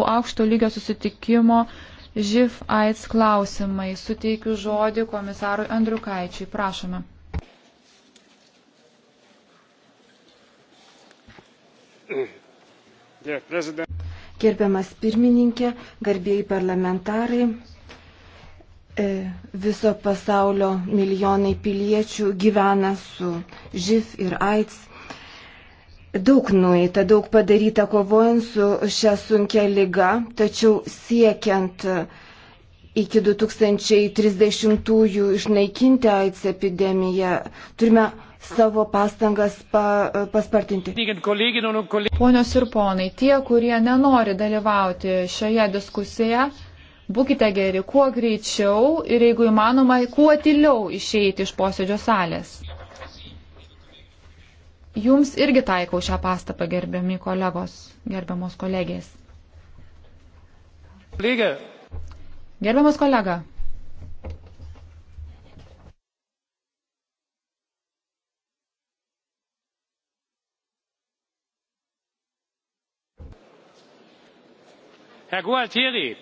vadovų aukšto lygio susitikimo živ AIDS klausimai. Suteikiu žodį komisarui Andriukaičiui. Prašome. Gerbiamas pirmininkė, garbėjai parlamentarai, e, viso pasaulio milijonai piliečių gyvena su živ ir AIDS Daug nueita, daug padaryta kovojant su šią sunkia lyga, tačiau siekiant e, iki 2030-ųjų išnaikinti AIDS epidemiją, turime savo pastangas pa, e, paspartinti. Ponios ir ponai, tie, kurie nenori dalyvauti šioje diskusijoje, būkite geri kuo greičiau ir jeigu įmanoma, kuo tyliau išeiti iš posėdžio salės. Jums irgi taikau šią pastabą, gerbiami kolegos, gerbiamos kolegės. Lygė. Gerbiamas kolega. Herr Gualtieri.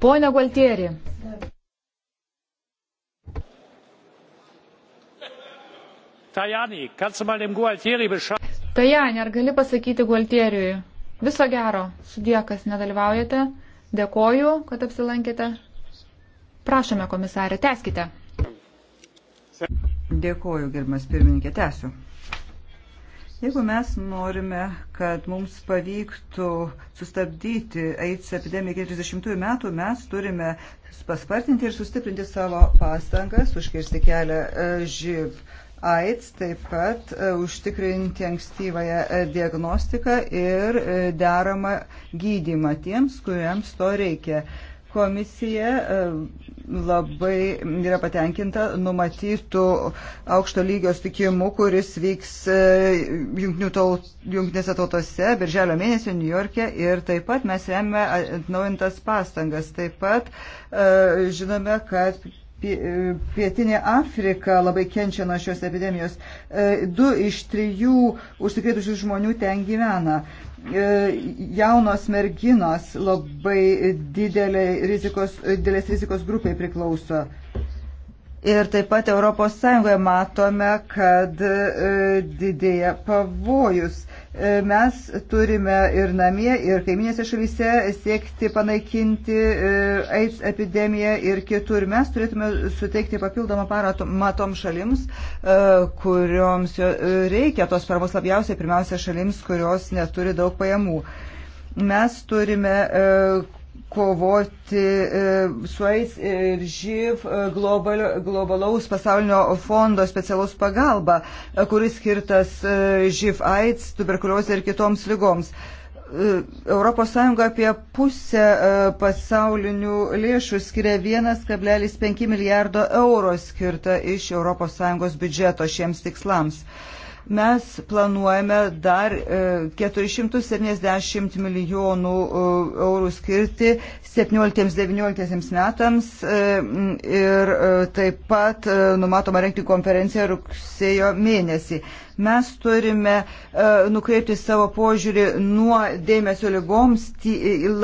Pone Gualtieri. Tajani, Tajani, ar gali pasakyti Gualtieriui? Viso gero, sudiekas nedalyvaujate. Dėkoju, kad apsilankėte. Prašome, komisarė, teskite. Dėkoju, gerbimas pirmininkė, tęsiu. Jeigu mes norime, kad mums pavyktų sustabdyti AIDS epidemiją iki 30 metų, mes turime paspartinti ir sustiprinti savo pastangas, užkirsti kelią e, živ AIDS, taip pat e, užtikrinti ankstyvąją e, diagnostiką ir e, deramą gydimą tiems, kuriems to reikia. Komisija labai yra patenkinta numatytų aukšto lygio sutikimu, kuris vyks jungtinėse tautose birželio mėnesio New York'e ir taip pat mes remiame atnaujintas pastangas. Taip pat žinome, kad E, pietinė Afrika labai kenčia nuo šios epidemijos. E, du iš trijų užsikrėtusių žmonių ten gyvena. E, jaunos merginos labai didelė rizikos, didelės rizikos grupiai priklauso. Ir taip pat ES matome, kad didėja pavojus mes turime ir namie, ir kaiminėse šalyse siekti panaikinti e, AIDS epidemiją ir kitur. Mes turėtume suteikti papildomą paramą tom šalims, e, kurioms e, reikia tos paramos labiausiai, pirmiausia šalims, kurios neturi daug pajamų. Mes turime kovoti e, su jais ir živ e, global, globalaus pasaulinio fondo specialaus pagalba, e, kuris skirtas živ AIDS, tuberkuliozė ir kitoms lygoms. ES apie pusę pasaulinių lėšų skiria 1,5 milijardo euro skirta iš ES biudžeto šiems tikslams. Mes planuojame dar 470 e, milijonų e, eurų skirti 17-19 metams e, ir taip pat numatoma renkti konferenciją rugsėjo mėnesį. Mes turime e, nukreipti savo požiūrį nuo dėmesio lygoms į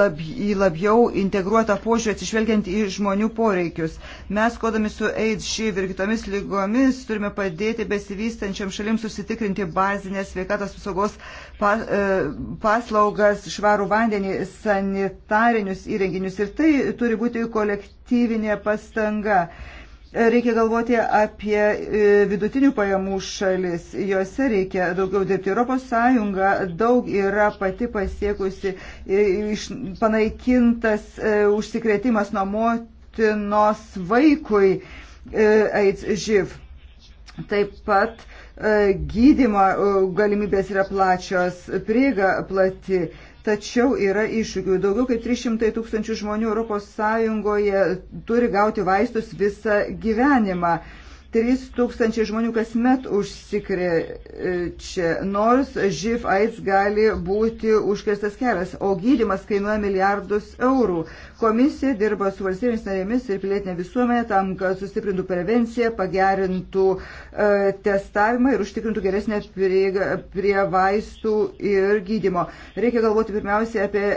labiau integruotą požiūrį atsižvelgiant į žmonių poreikius. Mes, kodami su AIDS, šiv ir kitomis lygomis, turime padėti besivystančiam šalim susitikrinti bazinės sveikatos apsaugos e, paslaugas, švarų vandenį, sanitarinius įrenginius. Ir tai turi būti kolektyvinė pastanga. Reikia galvoti apie e, vidutinių pajamų šalis. Jose reikia daugiau dirbti. Europos Sąjunga daug yra pati pasiekusi, e, panaikintas e, užsikrėtimas nuo motinos vaikui AIDS živ. Taip pat E, gydimo e, galimybės yra plačios, prieiga plati. Tačiau yra iššūkių. Daugiau kaip 300 tūkstančių žmonių ES turi gauti vaistus visą gyvenimą. 3 tūkstančiai žmonių kasmet užsikrečia, nors živ AIDS gali būti užkirstas kelias, o gydimas kainuoja milijardus eurų. Komisija dirba su valstybėmis narėmis ir pilietinė visuomenė tam, kad sustiprintų prevenciją, pagerintų e, testavimą ir užtikrintų geresnę prieigą prie vaistų ir gydimo. Reikia galvoti pirmiausia apie e,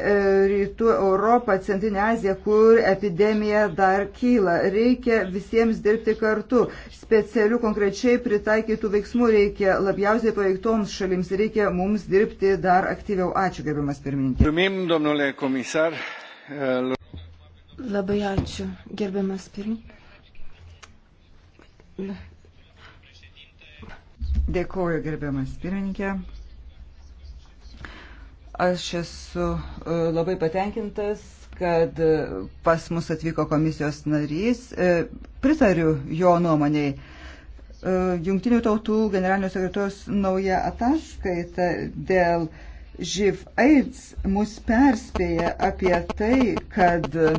rytų Europą, Centrinę Aziją, kur epidemija dar kyla. Reikia visiems dirbti kartu specialių konkrečiai pritaikytų veiksmų reikia labiausiai paveiktoms šalims ir reikia mums dirbti dar aktyviau. Ačiū, gerbiamas pirmininkė. Labai ačiū, gerbiamas pirmininkė. Dėkoju, gerbiamas pirmininkė. Aš esu e, labai patenkintas kad pas mus atvyko komisijos narys. E, pritariu jo nuomoniai. E, Jungtinių tautų generalinio sekretoriaus nauja ataskaita dėl živ AIDS mus perspėja apie tai, kad e,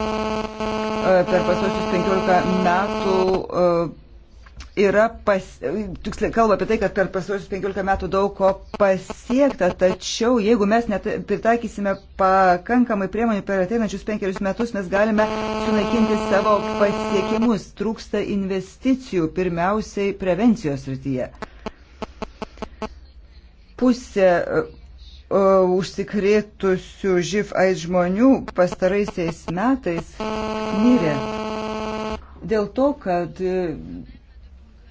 per pasosius 15 metų yra, pas, tiksliai kalba apie tai, kad per pastarosius 15 metų daug ko pasiekta, tačiau jeigu mes net pritaikysime pakankamai priemonių per ateinančius penkerius metus, mes galime sunaikinti savo pasiekimus. Trūksta investicijų, pirmiausiai prevencijos rytyje. Pusė e, užsikrėtusių živ AIDS žmonių pastaraisiais metais mirė. Dėl to, kad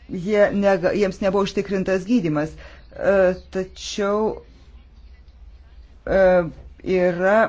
jie nega, jiems nebuvo užtikrintas gydimas. E, tačiau e, yra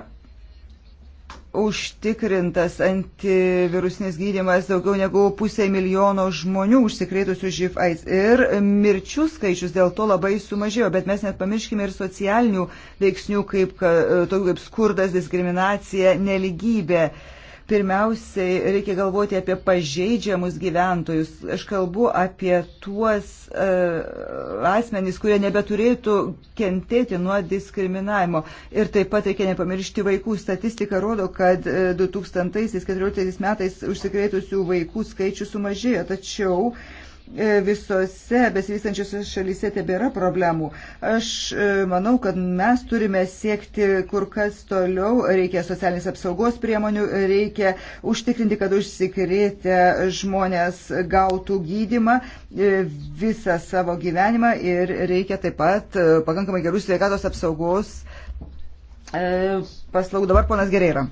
užtikrintas antivirusinis gydimas daugiau negu pusė milijono žmonių užsikrėtusių živ AIDS. Ir mirčių skaičius dėl to labai sumažėjo, bet mes net pamirškime ir socialinių veiksnių, kaip, e, kaip skurdas, diskriminacija, neligybė. E, Pirmiausiai reikia galvoti apie pažeidžiamus gyventojus. Aš kalbu apie tuos uh, asmenys, kurie nebeturėtų kentėti nuo diskriminavimo. Ir taip pat reikia nepamiršti vaikų. Statistika rodo, kad 2014 e, metais užsikrėtusių vaikų skaičius sumažėjo, tačiau uh, E, visose besivystančiose šalyse tebėra problemų. Aš e, manau, kad mes turime siekti kur kas toliau, reikia socialinės apsaugos priemonių, reikia užtikrinti, kad užsikrėtę žmonės gautų gydimą e, visą savo gyvenimą ir reikia taip pat pakankamai gerų sveikatos apsaugos E, Paslaug dabar ponas Gereira.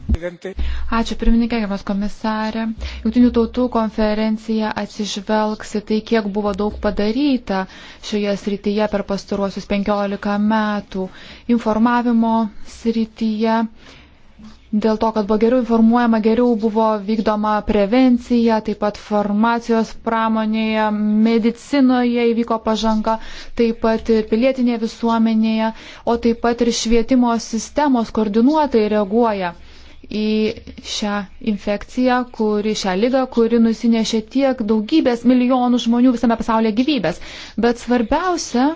Ačiū pirmininkė, gerbiamas komisarė. Junktinių tautų konferencija atsižvelgs į tai, kiek buvo daug padaryta šioje srityje per pastaruosius 15 metų informavimo srityje dėl to, kad buvo geriau informuojama, geriau buvo vykdoma prevencija, taip pat farmacijos pramonėje, medicinoje įvyko pažanga, taip pat ir pilietinėje visuomenėje, o taip pat ir švietimo sistemos koordinuotai reaguoja į šią infekciją, kuri, šią lygą, kuri nusinešė tiek daugybės milijonų žmonių visame pasaulyje gyvybės. Bet svarbiausia,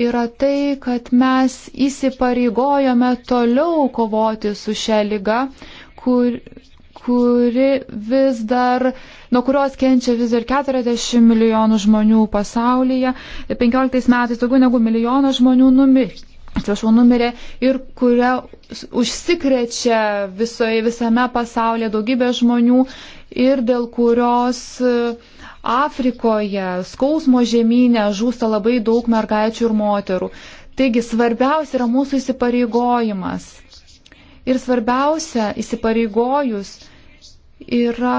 yra tai, kad mes įsipareigojome toliau kovoti su šia lyga, kur, kuri vis dar, nuo kurios kenčia vis dar 40 milijonų žmonių pasaulyje, 15 metais daugiau negu milijono žmonių numirė. Atsiprašau, numirė ir kuria užsikrečia visoje, visame pasaulyje daugybė žmonių ir dėl kurios uh, Afrikoje, skausmo žemynė žūsta labai daug mergaičių ir moterų. Taigi svarbiausia yra mūsų įsipareigojimas. Ir svarbiausia įsipareigojus yra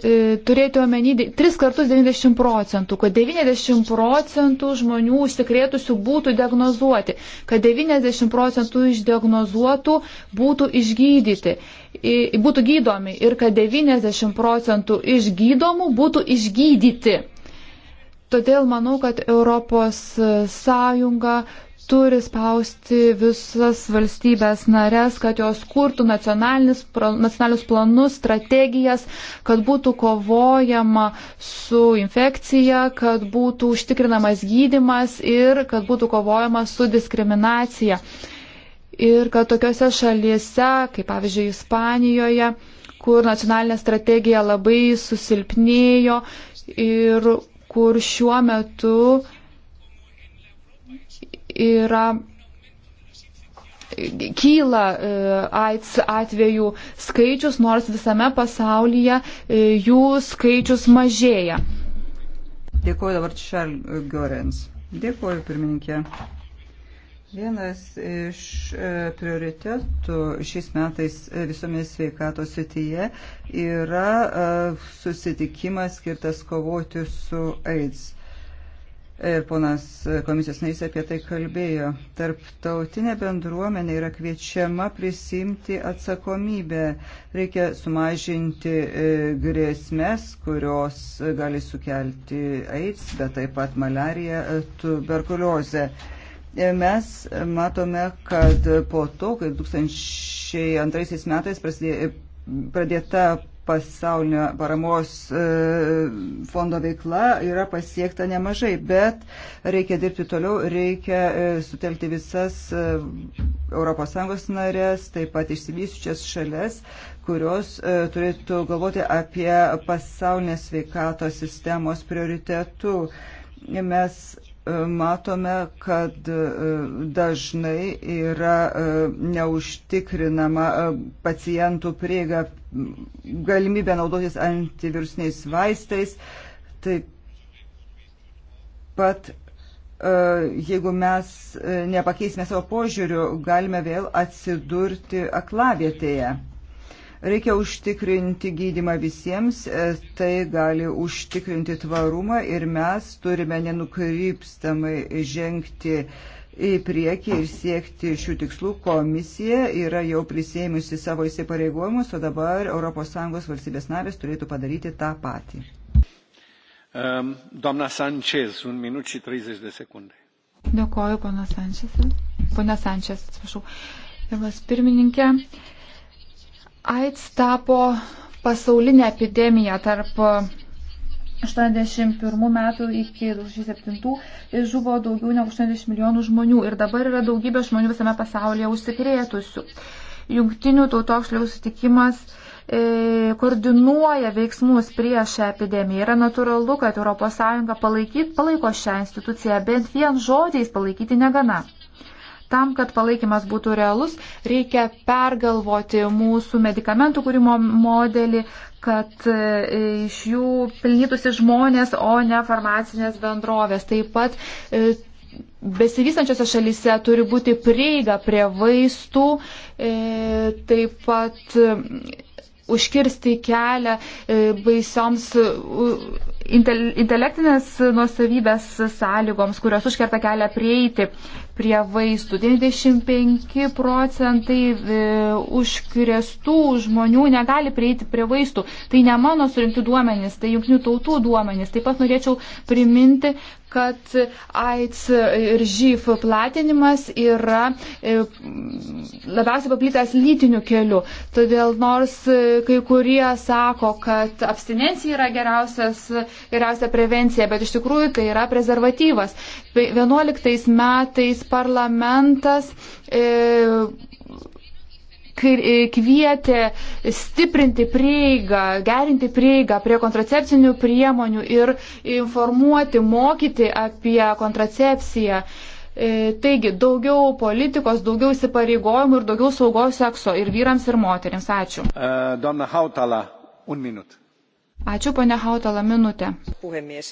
E, turėti omeny tris kartus 90 procentų, kad 90 procentų žmonių užsikrėtusių būtų diagnozuoti, kad 90 procentų išdiagnozuotų būtų išgydyti, būtų gydomi ir kad 90 procentų išgydomų būtų išgydyti. Todėl manau, kad Europos Sąjunga turi spausti visas valstybės narės, kad jos kurtų nacionalinius, nacionalinius planus, strategijas, kad būtų kovojama su infekcija, kad būtų užtikrinamas gydimas ir kad būtų kovojama su diskriminacija. Ir kad tokiuose šalyse, kaip pavyzdžiui Ispanijoje, kur nacionalinė strategija labai susilpnėjo ir kur šiuo metu yra kyla e, AIDS atvejų skaičius, nors visame pasaulyje e, jų skaičius mažėja. Dėkuoju dabar Čarl Gorens. Dėkuoju, pirmininkė. Vienas iš e, prioritetų šiais metais visomis sveikatos sityje yra susitikimas skirtas kovoti su AIDS E, ponas komisijos narys apie tai kalbėjo. Tarptautinė bendruomenė yra kviečiama prisimti atsakomybę. Reikia sumažinti e, grėsmės, kurios gali sukelti AIDS, bet taip pat malariją, e, tuberkuliozę. Mes matome, kad po to, kai 2002 metais prasidėjo pradėta pasaulinio paramos e, fondo veikla yra pasiekta nemažai, bet reikia dirbti toliau, reikia e, sutelkti visas ES narės, taip pat išsivysiučias šalias, kurios e, turėtų galvoti apie pasaulinės sveikatos sistemos prioritetų. Mes matome, kad dažnai yra neužtikrinama pacientų prieiga galimybę naudotis antivirusiniais vaistais. Taip pat, e, jeigu mes e, nepakeisime savo požiūrių, galime vėl atsidurti aklavietėje. Reikia užtikrinti gydimą visiems, e, tai gali užtikrinti tvarumą ir mes turime nenukrypstamai žengti uh, į priekį ir siekti šių tikslų. Komisija yra jau prisėmusi savo įsipareigojimus, o dabar ES valstybės narės turėtų padaryti tą patį. Um, Doamna Sanchez, un minut și 30 de secunde. Dėkoju, pana Sančesas. Pana Sančes, atsiprašau. Vienas pirmininkė. AIDS tapo pasaulinė epidemija tarp 81 metų iki 2007 žuvo daugiau negu 80 milijonų žmonių ir dabar yra daugybė žmonių visame pasaulyje užsikrėtusių. Jungtinių tautų aukšlių sutikimas e, koordinuoja veiksmus prieš šią epidemiją. Yra natūralu, kad ES palaikyt, palaiko šią instituciją, bent vien žodžiais palaikyti negana tam, kad palaikymas būtų realus, reikia pergalvoti mūsų medikamentų kūrimo modelį, kad e, iš jų pilnytųsi žmonės, o ne farmacinės bendrovės. Taip pat e, besivystančiose šalyse turi būti prieiga prie vaistų, e, taip pat užkirsti kelią e, baisioms intelektinės nuosavybės sąlygoms, kurios užkerta kelią prieiti prie vaistų. 95 procentai e, užkrestų žmonių negali prieiti prie vaistų. Tai ne mano surinkti duomenys, tai jungtinių tautų duomenys. Taip pat norėčiau priminti, kad AIDS ir žyf platinimas yra e, labiausiai paplytęs lytiniu keliu. Todėl nors e, kai kurie sako, kad abstinencija yra geriausia prevencija, bet iš tikrųjų tai yra prezervatyvas. 11 metais parlamentas e, kvietė stiprinti prieigą, gerinti prieigą prie kontracepcinių priemonių ir informuoti, mokyti apie kontracepciją. E, taigi, daugiau politikos, daugiau įsipareigojimų ir daugiau saugaus sekso ir vyrams, ir moteriams. Ačiū. E, Dona Hautala, un minut. Ačiū, ponia Hautala, minutė. Puhemies.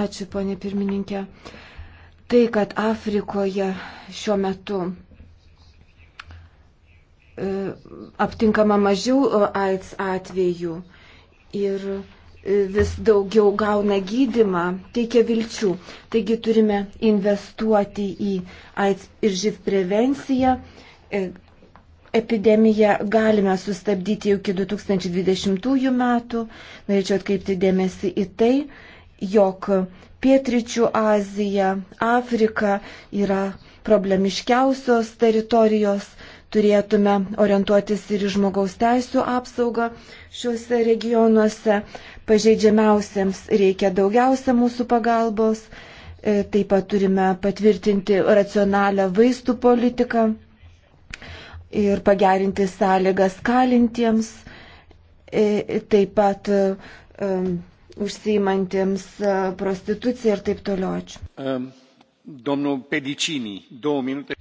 Ačiū, ponia pirmininkė. Tai, kad Afrikoje šiuo metu E, aptinkama mažiau e, AIDS atvejų ir e, vis daugiau gauna gydimą, teikia vilčių. Taigi turime investuoti į AIDS ir živ prevenciją. Epidemiją galime sustabdyti jau iki 2020 metų. Norėčiau atkreipti dėmesį į tai, jog Pietričių Azija, Afrika yra problemiškiausios teritorijos turėtume orientuotis ir į žmogaus teisų apsaugą šiuose regionuose. Pažeidžiamiausiems reikia daugiausia mūsų pagalbos. E, taip pat turime patvirtinti racionalią vaistų politiką ir pagerinti sąlygas kalintiems, e, taip pat e, um, užsiimantiems prostituciją ir taip toliau. Ačiū. Um,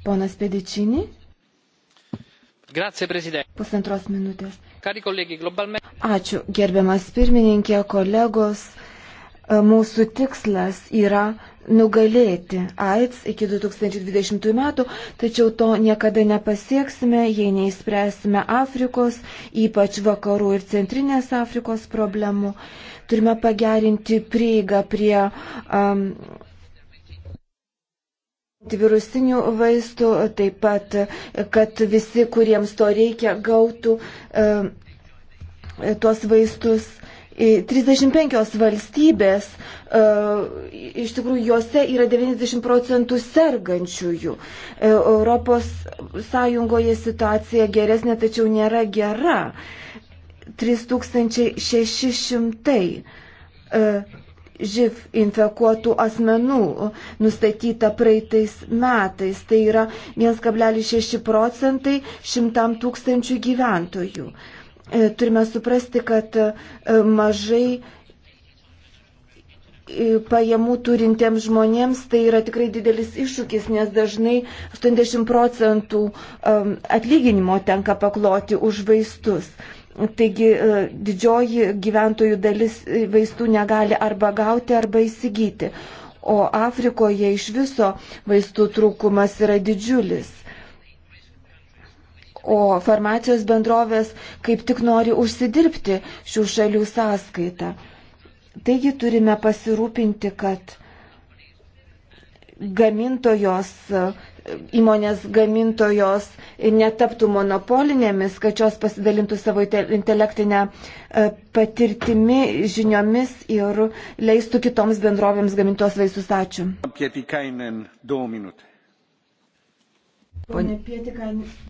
Ponas Pedičinį. Grazie, prezident. Pusantros minutės. Kari kolegai, globalme. Ačiū, gerbiamas pirmininkė, kolegos. E, mūsų tikslas yra nugalėti AIDS iki 2020 metų, tačiau to niekada nepasieksime, jei neįspręsime Afrikos, ypač vakarų ir centrinės Afrikos problemų. Turime pagerinti prieigą prie um, antivirusinių vaistų, taip pat, kad visi, kuriems to reikia, gautų e, tuos vaistus. 35 valstybės, e, iš tikrųjų juose yra 90 procentų sergančiųjų. E, Europos Sąjungoje situacija geresnė, tačiau nėra gera. 3600 živ infekuotų asmenų nustatyta praeitais metais. Tai yra 1,6 procentai šimtam tūkstančių gyventojų. E, turime suprasti, kad e, mažai e, pajamų turintiems žmonėms tai yra tikrai didelis iššūkis, nes dažnai 80 procentų atlyginimo tenka pakloti už vaistus. Taigi e, didžioji gyventojų dalis e, vaistų negali arba gauti, arba įsigyti. O Afrikoje iš viso vaistų trūkumas yra didžiulis. O farmacijos bendrovės kaip tik nori užsidirbti šių šalių sąskaitą. Taigi turime pasirūpinti, kad gamintojos įmonės gamintojos netaptų monopolinėmis, kad jos pasidalintų savo intelektinę e, patirtimi, žiniomis ir leistų kitoms bendrovėms gamintos vaisius. Ačiū.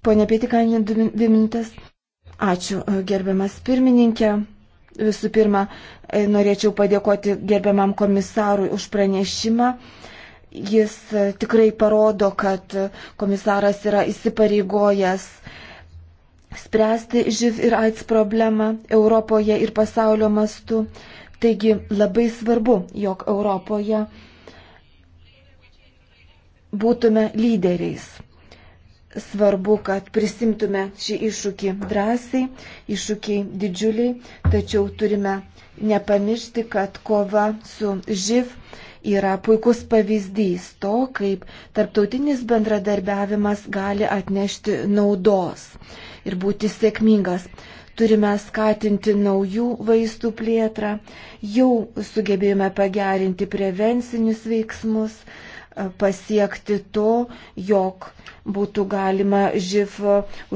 Pone Pietikainė, dvi minutės. Ačiū, e, gerbiamas pirmininkė. Visų pirma, e, norėčiau padėkoti gerbiamam komisarui už pranešimą. Uh, Jis e, tikrai parodo, kad komisaras yra įsipareigojęs spręsti živ ir aids problemą Europoje ir pasaulio mastu. Taigi labai svarbu, jog Europoje būtume lyderiais. Svarbu, kad prisimtume šį iššūkį drąsiai, iššūkiai didžiuliai, tačiau turime nepamiršti, kad kova su živ yra puikus pavyzdys to, kaip tarptautinis bendradarbiavimas gali atnešti naudos ir būti sėkmingas. Turime skatinti naujų vaistų plėtrą, jau sugebėjome pagerinti prevencinius veiksmus, e, pasiekti to, jog būtų galima živ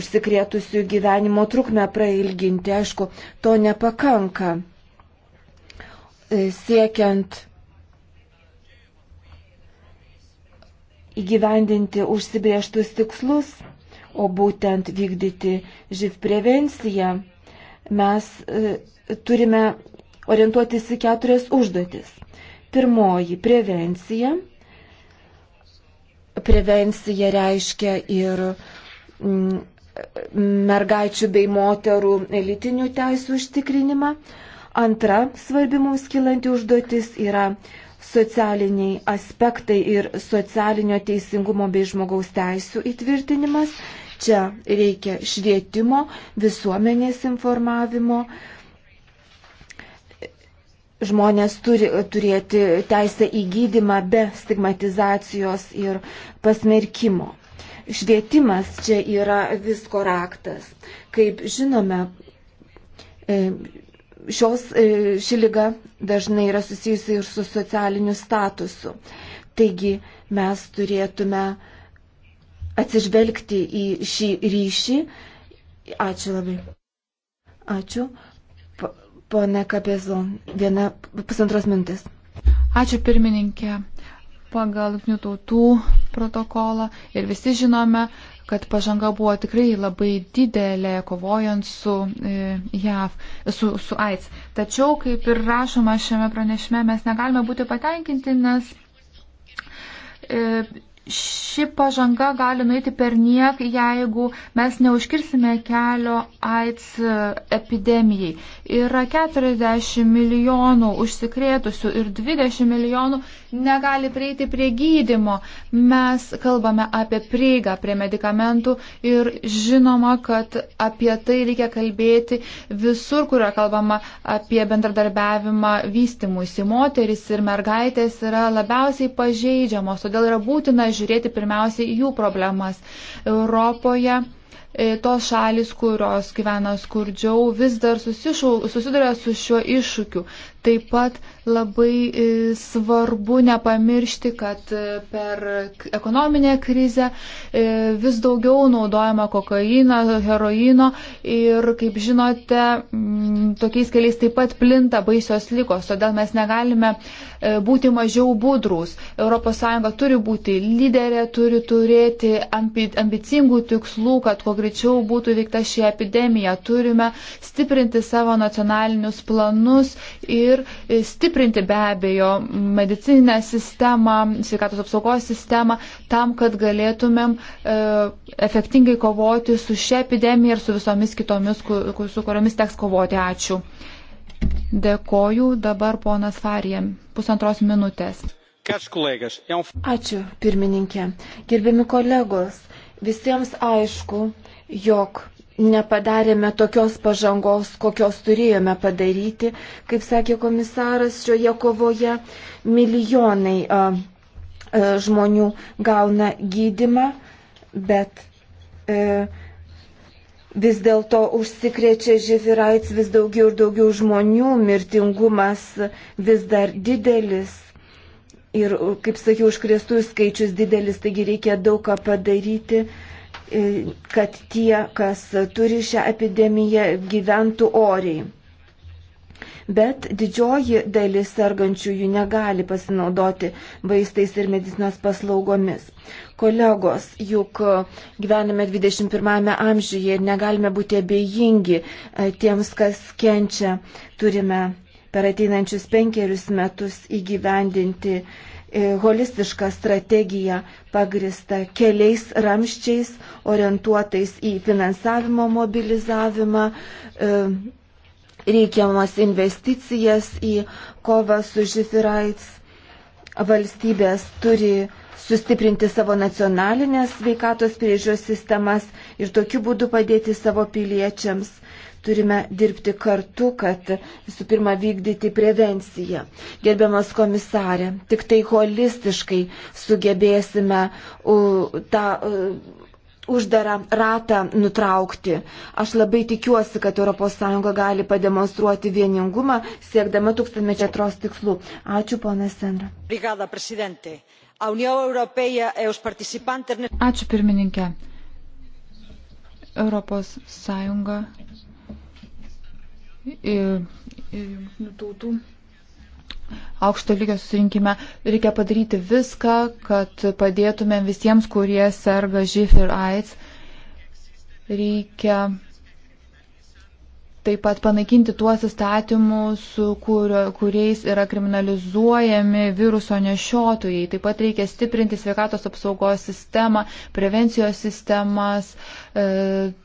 užsikrėtusių gyvenimo trukmę prailginti. Aišku, to nepakanka. E, siekiant įgyvendinti užsibrieštus tikslus, o būtent vykdyti živ prevenciją, mes e, turime orientuotis į keturias užduotis. Pirmoji - prevencija. Prevencija reiškia ir mm, mergaičių bei moterų lytinių teisų užtikrinimą. Antra svarbi mums kilanti užduotis yra socialiniai aspektai ir socialinio teisingumo bei žmogaus teisų įtvirtinimas. Čia reikia švietimo, visuomenės informavimo. Žmonės turi turėti teisę į gydimą be stigmatizacijos ir pasmerkimo. Švietimas čia yra visko raktas. Kaip žinome, e, šios, e, ši lyga dažnai yra susijusi ir su socialiniu statusu. Taigi mes turėtume atsižvelgti į šį ryšį. Ačiū labai. Ačiū. Pone Kapėzon, viena pusantros mintis. Ačiū pirmininkė. Pagal jungtinių tautų protokolą ir visi žinome, kad pažanga buvo tikrai labai didelė kovojant su e, JAV, su, su AIDS. Tačiau, kaip ir rašoma šiame pranešime, mes negalime būti patenkinti, nes e, ši pažanga gali nueiti per niek, jeigu mes neužkirsime kelio AIDS epidemijai. Yra 40 milijonų užsikrėtusių ir 20 milijonų negali prieiti prie gydimo. Mes kalbame apie prieigą prie medikamentų ir žinoma, kad apie tai reikia kalbėti visur, kur yra kalbama apie bendradarbiavimą vystimuisi. Moteris ir mergaitės yra labiausiai pažeidžiamos, todėl yra būtina žiūrėti pirmiausiai jų problemas. Europoje E, tos šalis, kurios gyvena skurdžiau, vis dar susišau, susiduria su šiuo iššūkiu. Taip pat labai e, svarbu nepamiršti, kad e, per ekonominę krizę vis daugiau naudojama kokaino, heroino ir, kaip žinote, tokiais keliais taip pat plinta baisios likos, todėl mes negalime būti mažiau budrus. ES turi būti lyderė, turi turėti ambicingų tikslų, kad kuo greičiau greičiau būtų įveikta ši epidemija. Turime stiprinti savo nacionalinius planus ir stiprinti be abejo medicininę sistemą, sveikatos apsaugos sistemą, tam, kad galėtumėm e, efektingai kovoti su šia epidemija ir su visomis kitomis, ku, su kuriomis teks kovoti. Ačiū. Dėkoju dabar ponas Farijam. Pusantros minutės. Um Ačiū, pirmininkė. Gerbiami kolegos, visiems aišku, jog nepadarėme tokios pažangos, kokios turėjome padaryti. Kaip sakė komisaras, šioje kovoje milijonai a, a, žmonių gauna gydimą, bet e, vis dėlto užsikrečia živiraitis vis daugiau ir daugiau žmonių, mirtingumas vis dar didelis. Ir, kaip sakiau, užkrėstųjų skaičius didelis, taigi reikia daug ką padaryti. E, E, kad tie, kas turi šią epidemiją, gyventų oriai. Bet didžioji dalis sergančiųjų negali pasinaudoti vaistais ir medicinos paslaugomis. Kolegos, juk gyvename 21 amžiuje ir negalime būti abejingi e, tiems, kas kenčia. Turime per ateinančius penkerius metus įgyvendinti uh, E, holistišką strategiją pagristą keliais ramščiais, orientuotais į finansavimo mobilizavimą, e, reikiamas investicijas į kovą su žifiraits valstybės turi sustiprinti savo nacionalinės sveikatos priežiūros sistemas ir tokiu būdu padėti savo piliečiams. Turime dirbti kartu, kad visų pirma vykdyti prevenciją. Gerbiamas komisarė, tik tai holistiškai sugebėsime uh, tą uh, uždarą ratą nutraukti. Aš labai tikiuosi, kad ES gali pademonstruoti vieningumą, siekdama tūkstantmečio atros tikslų. Ačiū, ponas Sendra. E Ačiū, pirmininkė. Europos Sąjunga ir, ir jungtinių tautų aukšto lygio susirinkime, reikia padaryti viską, kad padėtumėm visiems, kurie serga živ ir AIDS. Reikia taip pat panaikinti tuos įstatymus, kurio, kuriais yra kriminalizuojami viruso nešiotojai. Taip pat reikia stiprinti sveikatos apsaugos sistemą, prevencijos sistemas, e,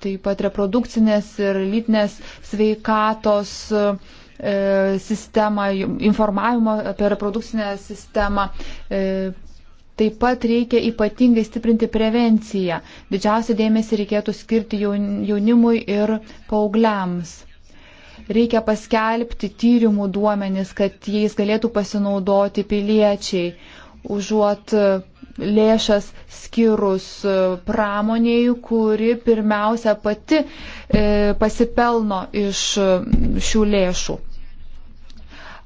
taip pat reprodukcinės ir lytinės sveikatos. E, E, sistemą, informavimo apie reprodukcinę sistemą. E, taip pat reikia ypatingai stiprinti prevenciją. Didžiausią dėmesį reikėtų skirti jaunimui ir paugliams. Reikia paskelbti tyrimų duomenis, kad jais galėtų pasinaudoti piliečiai, užuot e, lėšas skirus pramoniai, kuri pirmiausia pati e, pasipelno iš šių lėšų.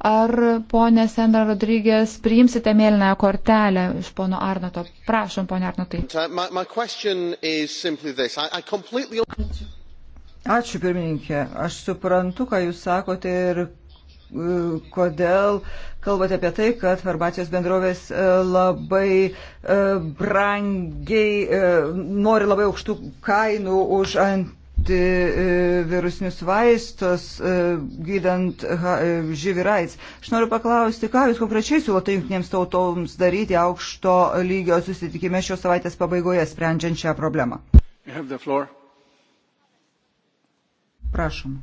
Ar ponė Sandra Rodrygės priimsite mėlyną kortelę iš pono Arnoto? Prašom, ponė Arnotai. Uh, Ačiū pirmininkė. Aš suprantu, ką jūs sakote ir uh, kodėl kalbate apie tai, kad farmacijos bendrovės uh, labai brangiai nori labai aukštų kainų už ant naudoti e, virusinius vaistus, e, gydant e, živ ir aids. Aš noriu paklausti, ką jūs konkrečiai siūlote jungtinėms tautoms daryti aukšto lygio susitikime šios savaitės pabaigoje, sprendžiant šią problemą. Prašom.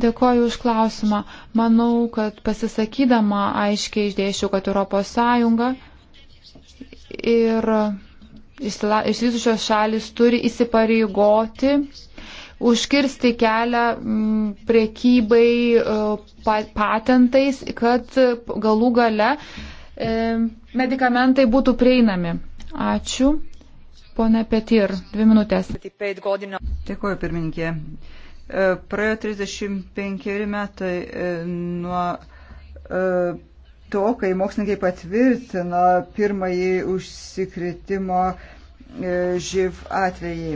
Dėkoju už klausimą. Manau, kad pasisakydama aiškiai išdėšiu, kad ES ir išsivysusios šalis turi įsipareigoti užkirsti kelią mm, priekybai e, patentais, kad galų gale e, medikamentai būtų prieinami. Ačiū. Pone Petir, dvi minutės. Dėkuoju, pirmininkė. E, praėjo 35 metai e, nuo e, to, kai mokslininkai patvirtino pirmąjį užsikrėtimo živ atvejį.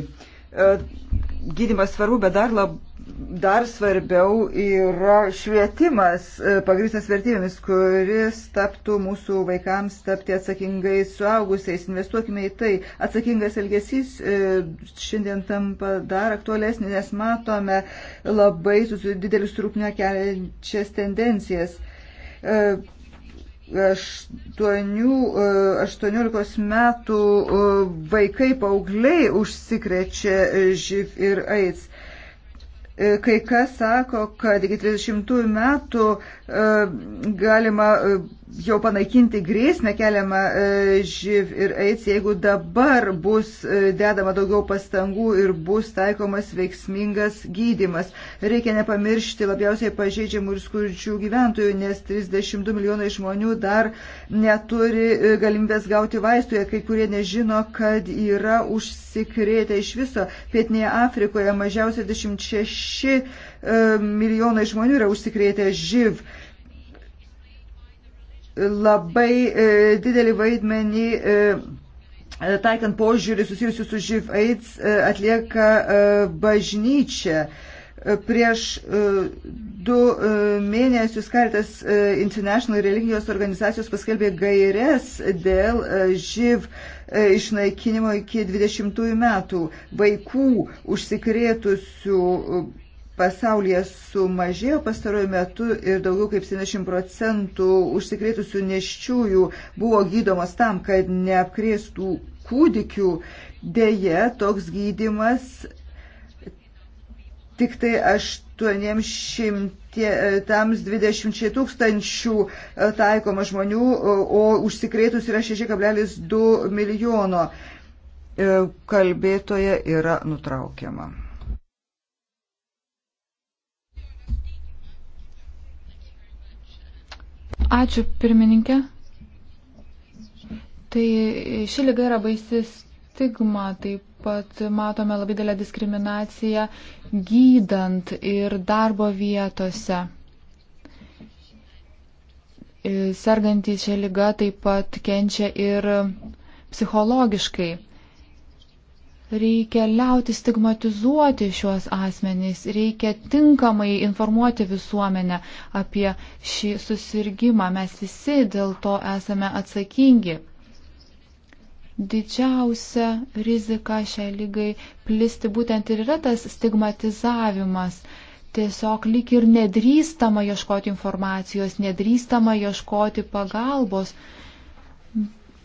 Gydimas svarbu, bet dar labai dar svarbiau yra švietimas e, pagristas vertybėmis, kuris taptų mūsų vaikams tapti atsakingais suaugusiais. Investuokime į tai. Atsakingas elgesys e, šiandien tampa dar aktualesnis, nes matome labai didelius trūknę keliančias tendencijas. 18 e, metų vaikai paaugliai užsikrečia živ ir aids. E, kai kas sako, kad iki 30 metų e, galima e, jau panaikinti grėsmę keliamą e, živ ir AIDS, jeigu dabar bus e, dedama daugiau pastangų ir bus taikomas veiksmingas gydimas. Reikia nepamiršti labiausiai pažeidžiamų ir skurčių gyventojų, nes 32 milijonai žmonių dar neturi e, galimybės gauti vaistų, kai kurie nežino, kad yra užsikrėtę iš viso. Pietinėje Afrikoje mažiausiai 26 milijonai žmonių yra užsikrėtę živ labai e, didelį vaidmenį e, e, taikant požiūrį susijusiu su živ AIDS atlieka bažnyčia. Prieš du mėnesius Caritas International religijos organizacijos paskelbė gairias dėl živ išnaikinimo iki 20 metų vaikų užsikrėtusių pasaulyje sumažėjo pastaruoju metu ir daugiau kaip 70 procentų užsikrėtusių neščiųjų buvo gydomos tam, kad neapkrėstų kūdikių. Deja, toks gydimas tik tai 820 tūkstančių e, taikoma žmonių, e, o užsikrėtus yra 6,2 milijono. E, Kalbėtoje yra nutraukiama. Ačiū, pirmininkė. Tai ši lyga yra baisi stigma, taip pat matome labai didelę diskriminaciją gydant ir darbo vietose. Sergantys šią lygą taip pat kenčia ir psichologiškai. Reikia liauti stigmatizuoti šiuos asmenys, reikia tinkamai informuoti visuomenę apie šį susirgymą. Mes visi dėl to esame atsakingi. Didžiausia rizika šiai lygai plisti būtent ir yra tas stigmatizavimas. Tiesiog lyg ir nedrįstama ieškoti informacijos, nedrįstama ieškoti pagalbos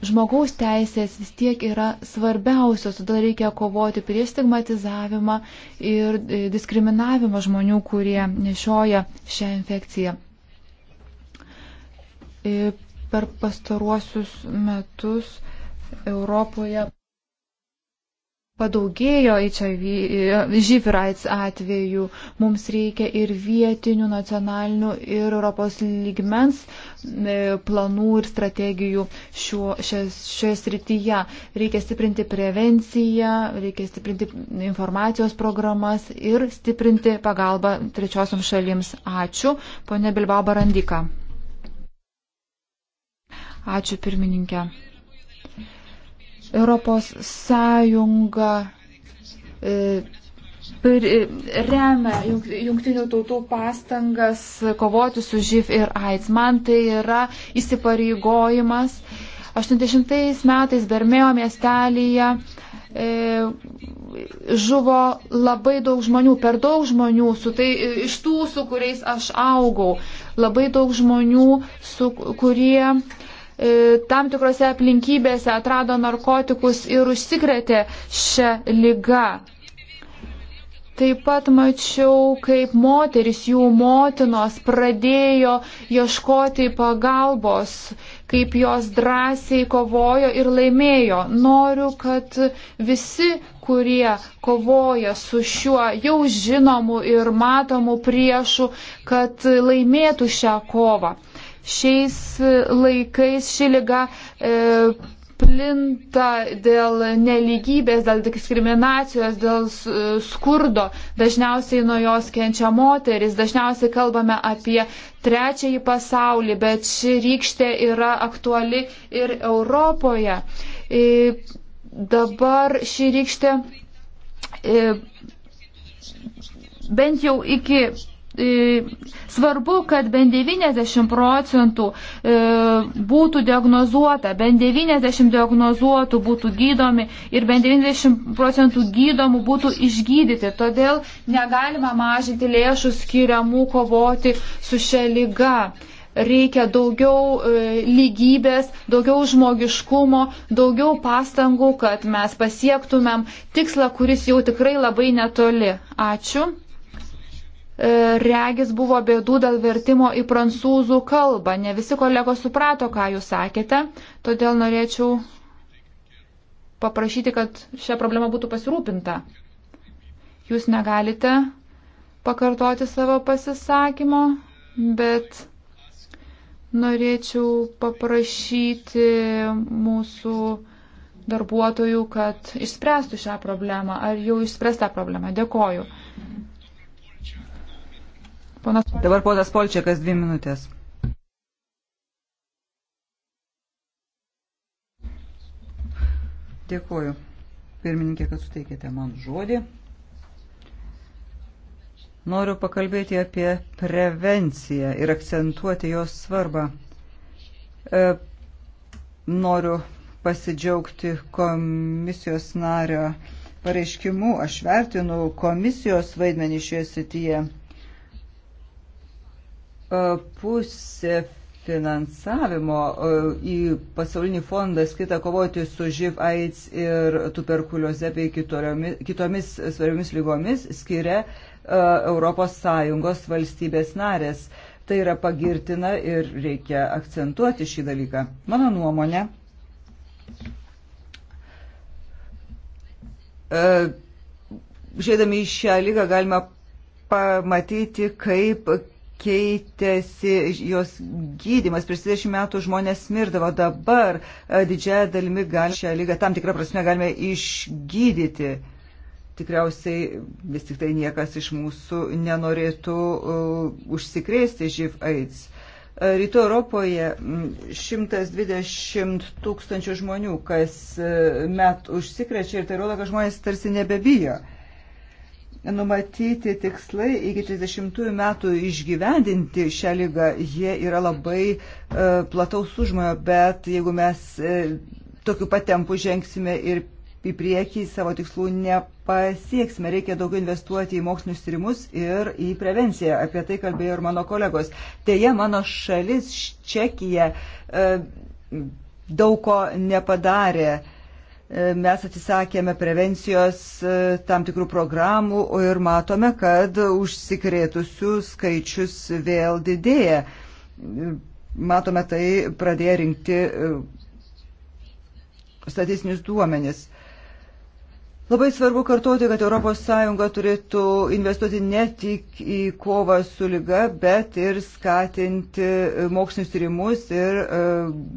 žmogaus teisės vis tiek yra svarbiausios, todėl reikia kovoti prieš stigmatizavimą ir e, diskriminavimą žmonių, kurie nešioja šią infekciją. Ir e, per pastaruosius metus Europoje padaugėjo HIV, živ e, ir AIDS atvejų. Mums reikia ir vietinių, nacionalinių, ir Europos lygmens uh, E, planų ir strategijų šio, šio, šioje srityje. Reikia stiprinti prevenciją, reikia stiprinti informacijos programas ir stiprinti pagalbą trečiosiam šalims. Ačiū. Pone Bilbao Barandika. Ačiū pirmininkė. Europos Sąjunga. E, E, remia jungtinių tautų pastangas kovoti su živ ir AIDS. Man tai yra įsipareigojimas. 80 metais Bermėjo miestelėje e, žuvo labai daug žmonių, per daug žmonių tai, e, iš tų, su kuriais aš augau. Labai daug žmonių, su, kurie e, tam tikrose aplinkybėse atrado narkotikus ir užsikrėtė šią lygą. Taip pat mačiau, kaip moteris, jų motinos pradėjo ieškoti pagalbos, kaip jos drąsiai kovojo ir laimėjo. Noriu, kad visi, kurie kovoja su šiuo jau žinomu ir matomu priešu, kad laimėtų šią kovą. Šiais laikais ši lyga. E, plinta dėl neligybės, dėl diskriminacijos, dėl skurdo. Dažniausiai nuo jos kenčia moteris, dažniausiai kalbame apie trečiąjį pasaulį, bet ši rykštė yra aktuali ir Europoje. Dabar ši rykštė bent jau iki E, svarbu, kad bent 90 procentų e, būtų diagnozuota, bent 90 diagnozuotų būtų gydomi ir bent 90 procentų gydomų būtų išgydyti. Todėl negalima mažinti lėšų skiriamų kovoti su šia lyga. Reikia daugiau e, lygybės, daugiau žmogiškumo, daugiau pastangų, kad mes pasiektumėm tikslą, kuris jau tikrai labai netoli. Ačiū. E, regis buvo bėdų dėl vertimo į prancūzų kalbą. Ne visi kolegos suprato, ką jūs sakėte, todėl norėčiau paprašyti, kad šią problemą būtų pasirūpinta. Jūs negalite pakartoti savo pasisakymo, bet norėčiau paprašyti mūsų darbuotojų, kad išspręstų šią problemą. Ar jau išspręsta problema? Dėkoju. Ponas... Dabar ponas Polčiakas dvi minutės. Dėkuoju, pirmininkė, kad suteikėte man žodį. Noriu pakalbėti apie prevenciją ir akcentuoti jos svarbą. E, noriu pasidžiaugti komisijos nario pareiškimu. Aš vertinu komisijos vaidmenį šioje srityje. E, pusė finansavimo e, į pasaulinį fondą skirtą kovoti su živ AIDS ir tuberkulioze bei kitomis, kitomis svarbiomis lygomis skiria ES valstybės narės. Tai yra pagirtina ir reikia akcentuoti šį dalyką. Mano nuomonė. E, žiūrėdami į šią lygą galima pamatyti, kaip keitėsi jos gydimas. Prieš 30 metų žmonės smirdavo, dabar e, didžiaja dalimi gali šią lygą tam tikrą prasme galime išgydyti. Tikriausiai vis tik tai niekas iš mūsų nenorėtų uh, užsikrėsti živ AIDS. E, rytų Europoje 120 tūkstančių žmonių kas met užsikrečia ir tai rodo, kad žmonės tarsi nebebijo. Uh, numatyti tikslai iki 30 metų išgyvendinti šią lygą, jie yra labai uh, plataus užmojo, bet jeigu mes uh, tokiu patempu žengsime ir į priekį savo tikslų nepasieksime. Reikia daugiau investuoti į mokslinius tyrimus ir į prevenciją. Apie tai kalbėjo ir mano kolegos. Teja, mano šalis Čekija uh, daug ko nepadarė. Uh, E, mes atsisakėme prevencijos e, tam tikrų programų ir matome, kad užsikrėtusių skaičius vėl didėja. E, matome tai pradėję rinkti statistinius duomenis. Labai svarbu kartuoti, kad ES turėtų investuoti ne tik į kovą su lyga, bet ir skatinti e, mokslinius tyrimus ir e,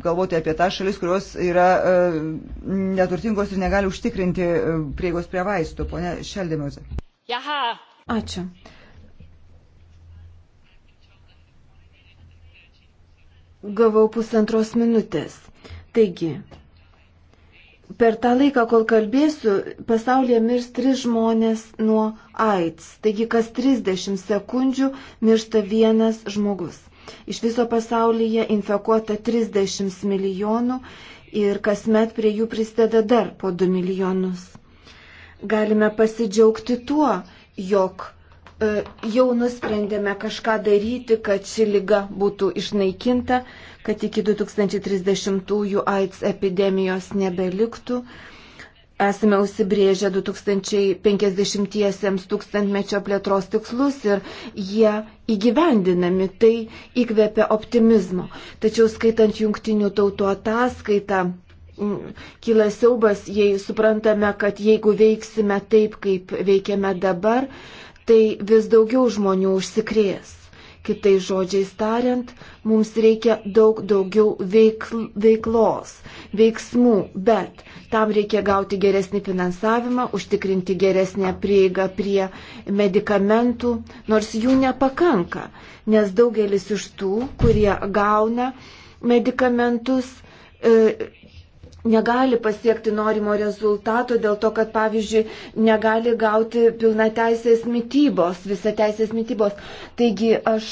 galvoti apie tą šalis, kurios yra e, neturtingos ir negali užtikrinti prieigos prie vaistų. Pone Šeldėmiuose. Ačiū. Gavau pusantros minutės. Taigi, Per tą laiką, kol kalbėsiu, pasaulyje mirs trys žmonės nuo AIDS. Taigi kas 30 sekundžių miršta vienas žmogus. Iš viso pasaulyje infekuota 30 milijonų ir kasmet prie jų prisideda dar po 2 milijonus. Galime pasidžiaugti tuo, jog E, jau nusprendėme kažką daryti, kad ši lyga būtų išnaikinta, kad iki 2030-ųjų AIDS epidemijos nebeliktų. Esame užsibrėžę 2050-iesiems tūkstantmečio plėtros tikslus ir jie įgyvendinami, tai įkvėpia optimizmo. Tačiau skaitant jungtinių tautų ataskaitą, kyla siaubas, jei suprantame, kad jeigu veiksime taip, kaip veikiame dabar, tai vis daugiau žmonių užsikrės. Kitai žodžiais tariant, mums reikia daug daugiau veikl, veiklos, veiksmų, bet tam reikia gauti geresnį finansavimą, užtikrinti geresnę prieigą prie medikamentų, nors jų nepakanka, nes daugelis iš tų, kurie gauna medikamentus, e, negali pasiekti norimo rezultato dėl to, kad, pavyzdžiui, negali gauti pilna teisės mytybos, visą teisės mytybos. Taigi aš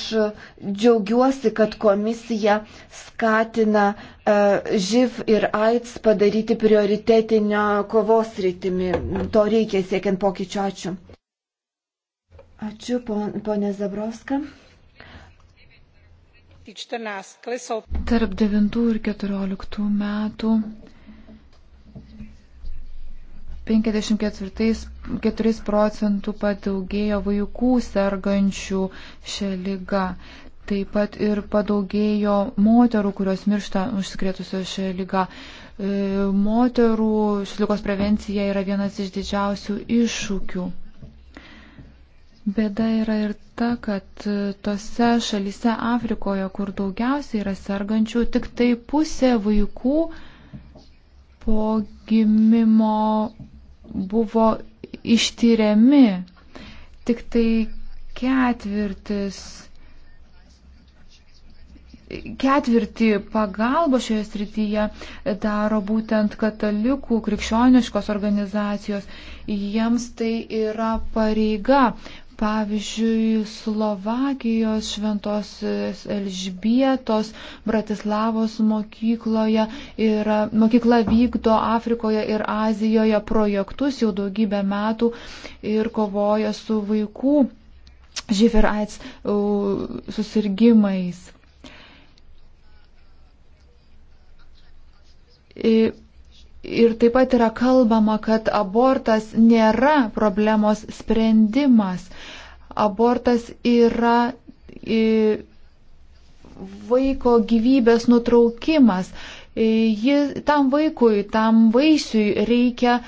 džiaugiuosi, kad komisija skatina uh, živ ir AIDS padaryti prioritetinio kovos rytimi. To reikia siekiant pokyčių. Ačiū. Ačiū, pon, ponė Zabrovska. Tarp 9 ir 14 metų 54 procentų padaugėjo vaikų sergančių šią lygą. Taip pat ir padaugėjo moterų, kurios miršta užsikrėtusios šią lygą. E, moterų šlygos prevencija yra vienas iš didžiausių iššūkių. Bėda yra ir ta, kad tose šalise Afrikoje, kur daugiausiai yra sergančių, tik tai pusė vaikų po gimimo buvo ištyriami. Tik tai ketvirtis. Ketvirtį pagalbą šioje srityje daro būtent katalikų krikščioniškos organizacijos. Jiems tai yra pareiga Pavyzdžiui, Slovakijos šventosios Elžbietos Bratislavos mokykloje yra, mokykla vykdo Afrikoje ir Azijoje projektus jau daugybę metų ir kovoja su vaikų živ ir aids susirgymais. Ir Ir taip pat yra kalbama, kad abortas nėra problemos sprendimas abortas yra vaiko gyvybės nutraukimas. Ji, tam vaikui, tam vaisiui reikia e,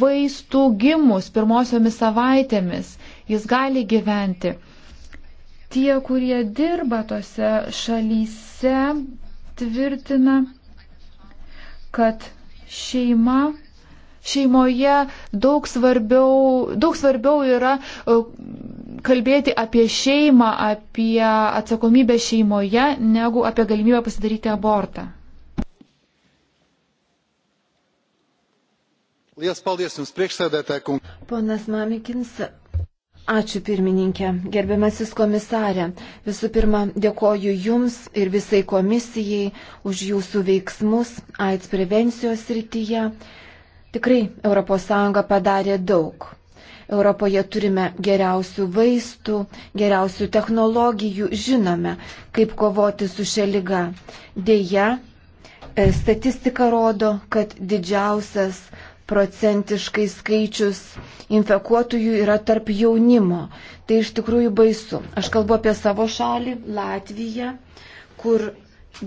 vaistų gimus pirmosiomis savaitėmis. Jis gali gyventi. Tie, kurie dirba tose šalyse, tvirtina, kad šeima Šeimoje daug svarbiau, daug svarbiau yra e, kalbėti apie šeimą, apie atsakomybę šeimoje, negu apie galimybę pasidaryti abortą. Lielas paldies Jums priekšsėdėtą. Ponas Mamikins, ačiū pirmininkė, gerbiamasis komisarė. Visų pirma, dėkoju Jums ir visai komisijai už Jūsų veiksmus AIDS prevencijos rytyje. Tikrai ES padarė daug. Europoje turime geriausių vaistų, geriausių technologijų, žinome, kaip kovoti su šia lyga. Deja, e, statistika rodo, kad didžiausias procentiškai skaičius infekuotųjų yra tarp jaunimo. Tai iš tikrųjų baisu. Aš kalbu apie savo šalį, Latviją, kur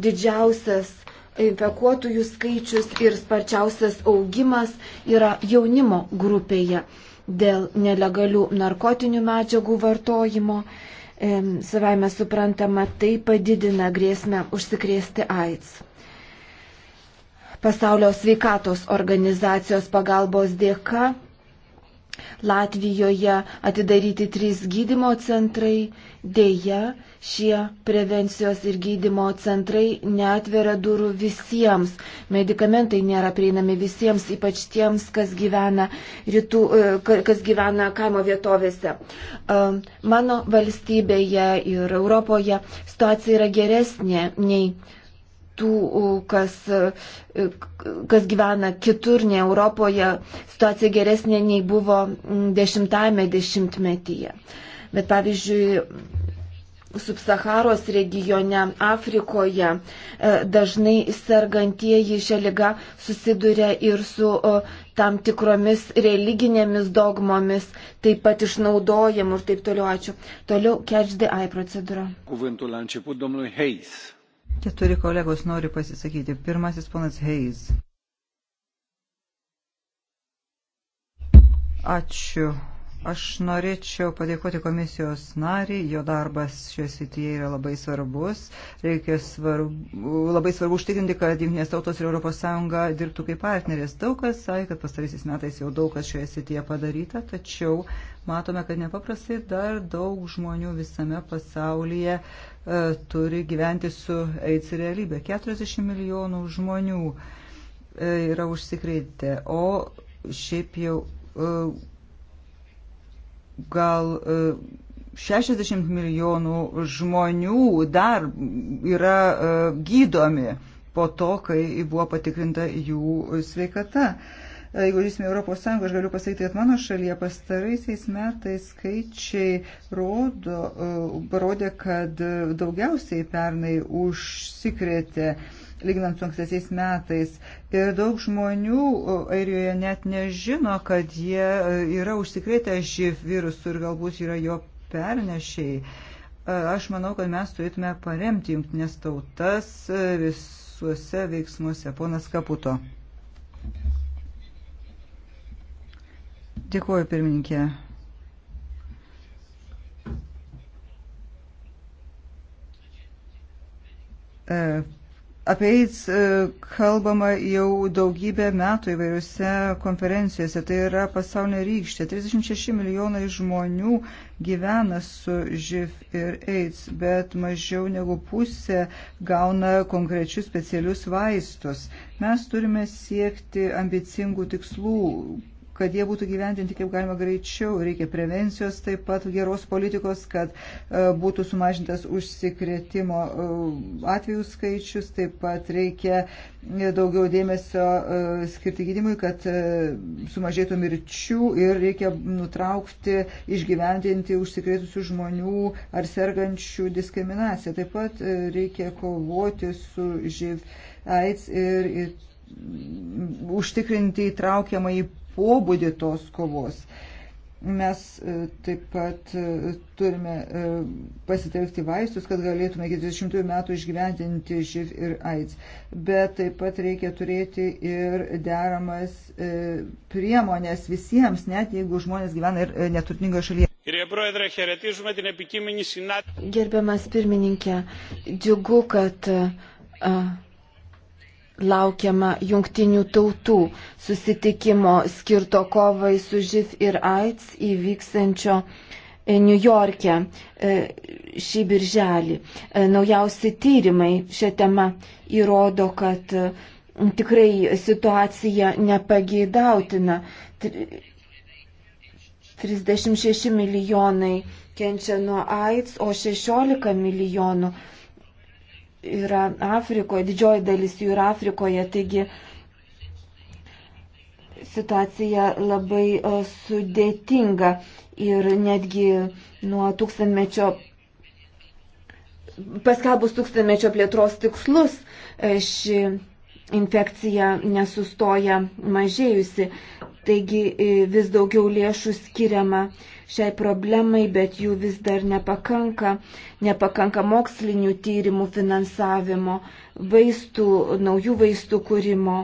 didžiausias infekuotųjų skaičius ir sparčiausias augimas yra jaunimo grupėje dėl nelegalių narkotinių medžiagų vartojimo. Savai mes suprantama, tai padidina grėsmę užsikrėsti AIDS. Pasaulio sveikatos organizacijos pagalbos dėka Latvijoje atidaryti trys gydymo centrai, dėja šie prevencijos ir gydymo centrai neatveria durų visiems. Medikamentai nėra prieinami visiems, ypač tiems, kas gyvena, rytų, e, kas gyvena kaimo vietovėse. E, mano valstybėje ir Europoje situacija yra geresnė nei tų, kas, e, kas gyvena kitur, ne Europoje, situacija geresnė nei buvo dešimtame dešimtmetyje. Bet pavyzdžiui, subsaharos regione, Afrikoje e, dažnai sergantieji šią lygą susiduria ir su tam tikromis religinėmis dogmomis, taip pat išnaudojimu ir taip toliau. Ačiū. Toliau catch the eye procedūra. Cuvântul la început domnului Hayes. Keturi kolegos nori pasisakyti. Pirmasis ponas Heiz. Ačiū. Aš norėčiau padėkoti komisijos nariai, jo darbas šioje srityje yra labai svarbus. Reikia svarbu, labai svarbu užtikrinti, kad Junktinės tautos ir ES dirbtų kaip partnerės. Daug kas sakė, kad pastarysis metais jau daug kas šioje srityje padaryta, tačiau matome, kad nepaprastai dar daug žmonių visame pasaulyje e, turi gyventi su AIDS realybė. 40 milijonų žmonių e, yra užsikrėtę, o šiaip jau. E, gal 60 e, milijonų žmonių dar yra e, gydomi po to, kai buvo patikrinta jų sveikata. E, jeigu žiūrėsime Europos Sąjungą, aš galiu pasakyti, kad mano šalyje pastaraisiais metais skaičiai rodo, parodė, kad daugiausiai pernai užsikrėtė uh, lyginant su ankstesiais metais. Ir daug žmonių Airijoje net nežino, kad jie e, yra užsikrėtę živ virusu ir galbūt yra jo pernešiai. E, aš manau, kad mes turėtume paremti jungtinės tautas e, visuose veiksmuose. Ponas Kaputo. Dėkuoju, pirmininkė. E, Apie AIDS e, kalbama jau daugybę metų įvairiuose konferencijose. Tai yra pasaulinė rykštė. 36 milijonai žmonių gyvena su živ ir AIDS, bet mažiau negu pusė gauna konkrečius specialius vaistus. Mes turime siekti ambicingų tikslų, kad jie būtų gyvendinti kaip galima greičiau. Reikia prevencijos taip pat geros politikos, kad e, būtų sumažintas užsikrėtimo e, atvejų skaičius, taip pat reikia e, daugiau dėmesio skirti gydimui, kad sumažėtų mirčių ir reikia nutraukti, išgyvendinti užsikrėtusių žmonių ar sergančių diskriminaciją. Taip pat reikia kovoti su živ AIDS ir, ir užtikrinti įtraukiamą į pobūdį tos kovos. Mes e, taip pat e, turime e, pasitelkti vaistus, kad galėtume iki 20 metų išgyventinti živ ir AIDS. Bet taip pat reikia turėti ir deramas priemonės visiems, net jeigu žmonės gyvena ir neturtingoje šalyje. Gerbiamas pirmininkė, džiugu, kad. Uh, laukiama jungtinių tautų susitikimo skirto kovai su živ ir AIDS įvyksančio e, New York'e e, šį birželį. E, naujausi tyrimai šią temą įrodo, kad tikrai situacija nepageidautina. 36 milijonai kenčia nuo AIDS, o 16 milijonų yra Afrikoje, didžioji dalis jų yra Afrikoje, taigi situacija labai sudėtinga ir netgi nuo tūkstantmečio, paskelbus tūkstantmečio plėtros tikslus, e, ši infekcija nesustoja mažėjusi, taigi e, vis daugiau lėšų skiriama uh, šiai problemai, bet jų vis dar nepakanka, nepakanka mokslinių tyrimų finansavimo, vaistų, naujų vaistų kūrimo.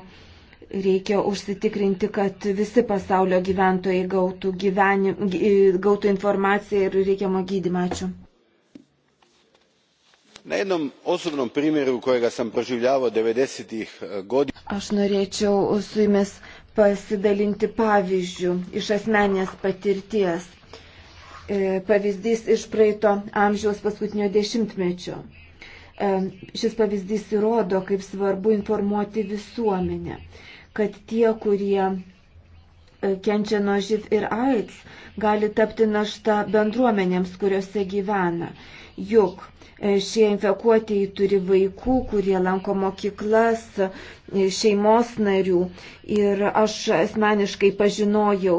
Reikia užsitikrinti, kad visi pasaulio gyventojai gautų, gyveni, gautų informaciją ir reikiamą gydimą. Ačiū. Na jednom osobnom primjeru kojega sam proživljavao 90-ih eh, godina. Aš norėčiau su jumis pasidalinti pavyzdžių iš asmenės patirties. E, pavyzdys iš praeito amžiaus paskutinio dešimtmečio. E, šis pavyzdys įrodo, kaip svarbu informuoti visuomenę, kad tie, kurie e, kenčia nuo živ ir AIDS, gali tapti našta bendruomenėms, kuriuose gyvena. Juk E, šie infekuotieji turi vaikų, kurie lanko mokyklas, e, šeimos narių. Ir aš asmeniškai pažinojau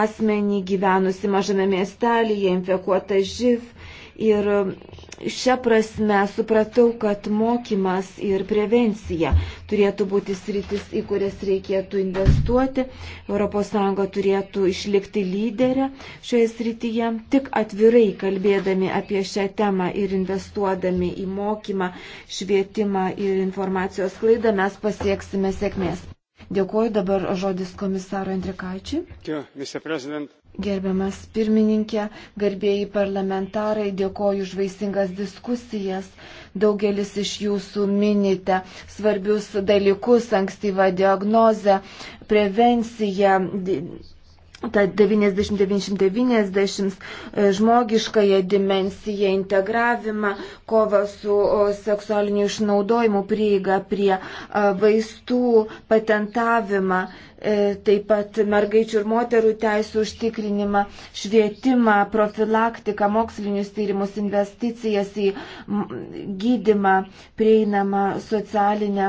asmenį gyvenusi mažame miestelėje, infekuotą živ. Ir šią prasme supratau, kad mokymas ir prevencija turėtų būti sritis, į kurias reikėtų investuoti. ES turėtų išlikti lyderę šioje srityje. Tik atvirai kalbėdami apie šią temą ir investuodami į mokymą, švietimą ir informacijos klaidą mes pasieksime sėkmės. Dėkuoju dabar žodis komisaro Andrikaičiui. Dėkuoju, viceprezident. Gerbiamas pirmininkė, garbėjai parlamentarai, dėkoju už vaisingas diskusijas. Daugelis iš jūsų minite svarbius dalykus - ankstyvą diagnozę, prevenciją, Ta 90-90 e, žmogiškąją dimensiją, integravimą, kovą su seksualiniu išnaudojimu, prieigą prie e, vaistų, patentavimą, e, taip pat mergaičių ir moterų teisų užtikrinimą, švietimą, profilaktiką, mokslinius tyrimus, investicijas į gydimą, prieinamą socialinę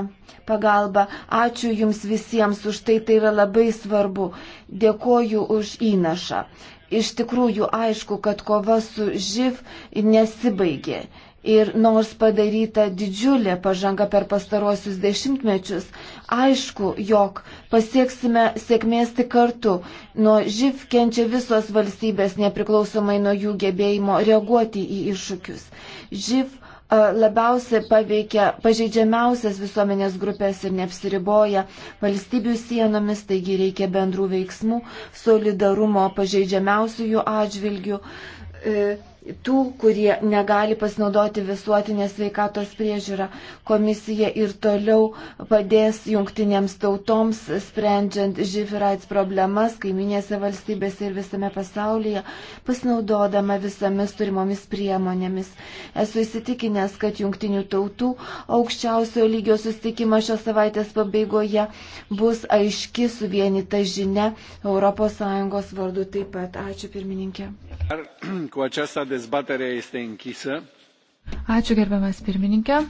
pagalbą. Ačiū Jums visiems už tai, tai yra labai svarbu. Dėkoju už įnašą. Iš tikrųjų aišku, kad kova su živ nesibaigė. Ir nors padaryta didžiulė pažanga per pastarosius dešimtmečius, aišku, jog pasieksime sėkmės tik kartu. Nuo živ kenčia visos valstybės nepriklausomai nuo jų gebėjimo reaguoti į iššūkius. Živ labiausiai paveikia pažeidžiamiausias visuomenės grupės ir neapsiriboja valstybių sienomis, taigi reikia bendrų veiksmų, solidarumo pažeidžiamiausiųjų atžvilgių. E, tų, kurie negali pasinaudoti visuotinės sveikatos priežiūra. Komisija ir toliau padės jungtinėms tautoms, sprendžiant živ ir aids problemas kaiminėse valstybėse ir visame pasaulyje, pasinaudodama visomis turimomis priemonėmis. Esu įsitikinęs, kad jungtinių tautų aukščiausio lygio sustikimas šios savaitės pabaigoje bus aiški suvienita žinia ES vardu taip pat. Ačiū pirmininkė. Ar, dezbaterea este închisă. Ačiū gerbiamas pirmininkė.